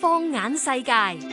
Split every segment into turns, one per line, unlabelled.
放眼世界。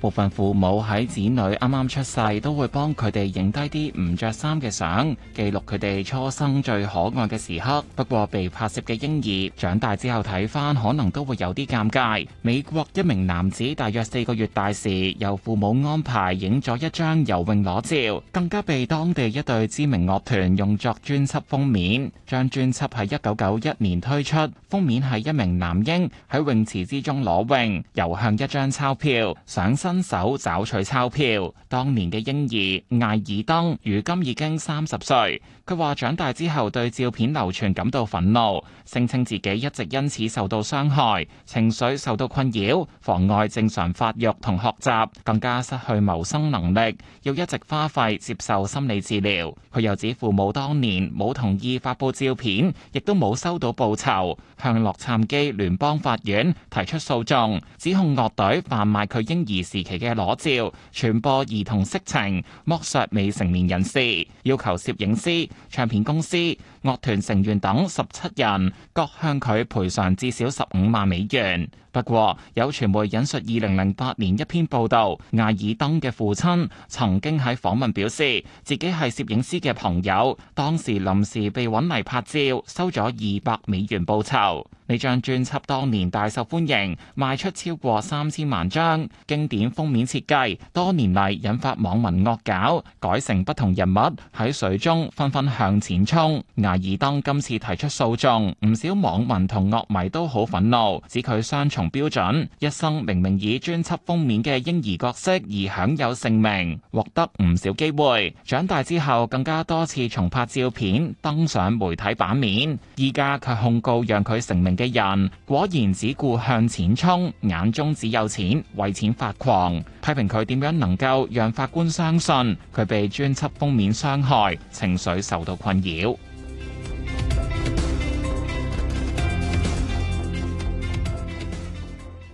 部分父母喺子女啱啱出世都會幫佢哋影低啲唔着衫嘅相，記錄佢哋初生最可愛嘅時刻。不過被拍攝嘅嬰兒長大之後睇翻，可能都會有啲尷尬。美國一名男子大約四個月大時由父母安排影咗一張游泳裸照，更加被當地一對知名樂團用作專輯封面。張專輯喺一九九一年推出，封面係一名男嬰喺泳池之中裸泳，游向一張鈔票，上身，伸手找取鈔票，當年嘅嬰兒艾爾登如今已經三十歲。佢話長大之後對照片流傳感到憤怒，聲稱自己一直因此受到傷害，情緒受到困擾，妨礙正常發育同學習，更加失去謀生能力，要一直花費接受心理治療。佢又指父母當年冇同意發布照片，亦都冇收到報酬，向洛杉磯聯邦法院提出訴訟，指控樂隊販賣佢嬰兒時。時期嘅裸照，傳播兒童色情、剝削未成年人士，要求攝影師、唱片公司、樂團成員等十七人各向佢賠償至少十五萬美元。不過有傳媒引述二零零八年一篇報道，艾爾登嘅父親曾經喺訪問表示，自己係攝影師嘅朋友，當時臨時被搵嚟拍照，收咗二百美元報酬。呢張專輯當年大受歡迎，賣出超過三千萬張，經典封面設計多年嚟引發網民惡搞，改成不同人物喺水中紛紛向前衝。艾爾登今次提出訴訟，唔少網民同樂迷都好憤怒，指佢雙重。標準一生明明以專輯封面嘅嬰兒角色而享有盛名，獲得唔少機會。長大之後更加多次重拍照片，登上媒體版面。依家佢控告讓佢成名嘅人，果然只顧向前衝，眼中只有錢，為錢發狂。批評佢點樣能夠讓法官相信佢被專輯封面傷害，情緒受到困擾。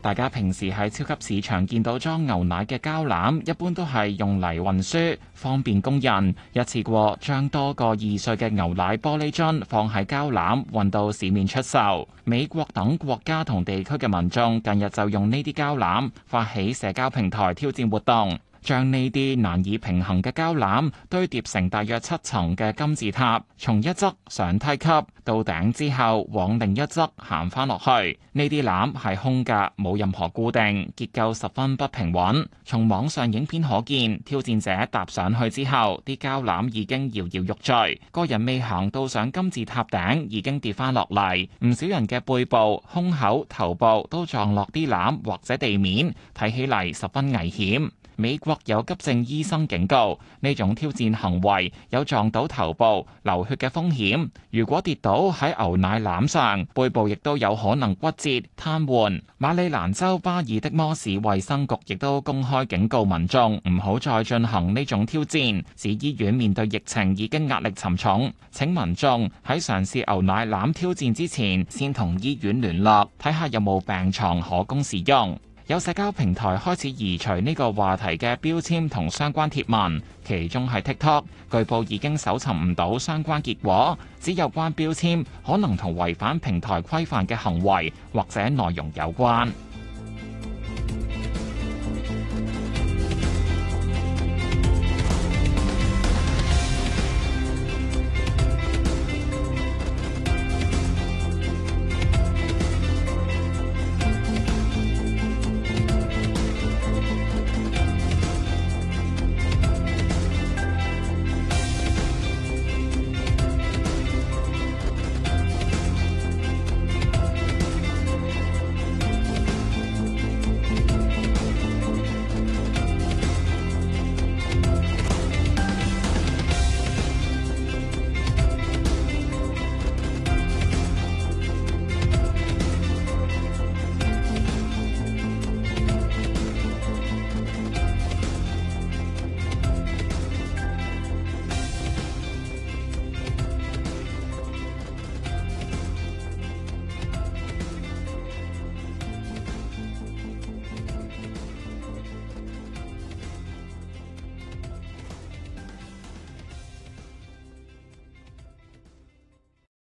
大家平時喺超級市場見到裝牛奶嘅膠籃，一般都係用嚟運輸，方便工人一次過將多個二歲嘅牛奶玻璃樽放喺膠籃，運到市面出售。美國等國家同地區嘅民眾近日就用呢啲膠籃，發起社交平台挑戰活動。將呢啲難以平衡嘅膠籃堆疊成大約七層嘅金字塔，從一側上梯級到頂之後，往另一側行翻落去。呢啲籃係空嘅，冇任何固定，結構十分不平穩。從網上影片可見，挑戰者踏上去之後，啲膠籃已經搖搖欲墜。個人未行到上金字塔頂，已經跌翻落嚟。唔少人嘅背部、胸口、頭部都撞落啲籃或者地面，睇起嚟十分危險。美國有急症醫生警告，呢種挑戰行為有撞到頭部流血嘅風險。如果跌倒喺牛奶籃上，背部亦都有可能骨折、癱瘓。馬里蘭州巴爾的摩市衛生局亦都公開警告民眾，唔好再進行呢種挑戰。指醫院面對疫情已經壓力沉重，請民眾喺嘗試牛奶籃挑戰之前，先同醫院聯絡，睇下有冇病床可供使用。有社交平台開始移除呢個話題嘅標籤同相關貼文，其中係 TikTok，據報已經搜尋唔到相關結果，只有關標籤可能同違反平台規範嘅行為或者內容有關。